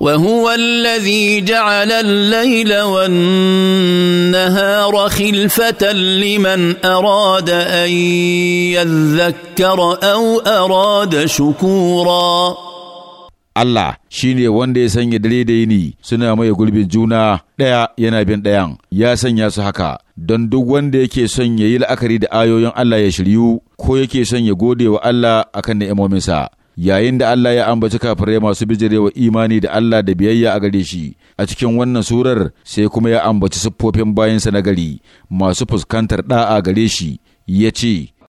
وهو الذي جعل الليل والنهار خلفه لمن اراد ان يذكر او اراد شكورا Allah shi ne wanda ya sanya dare da yini suna maye gurbin juna ɗaya yana bin ɗayan ya sanya su haka don duk wanda yake son ya yi la'akari da ayoyin Allah ya shiryu ko yake son ya gode wa Allah akan ni'imominsa yayin da Allah ya ambaci kafirai masu bijirewa imani da Allah da biyayya a gare shi a cikin wannan surar sai kuma ya ambaci siffofin bayansa na gari masu fuskantar da'a gare shi ya ce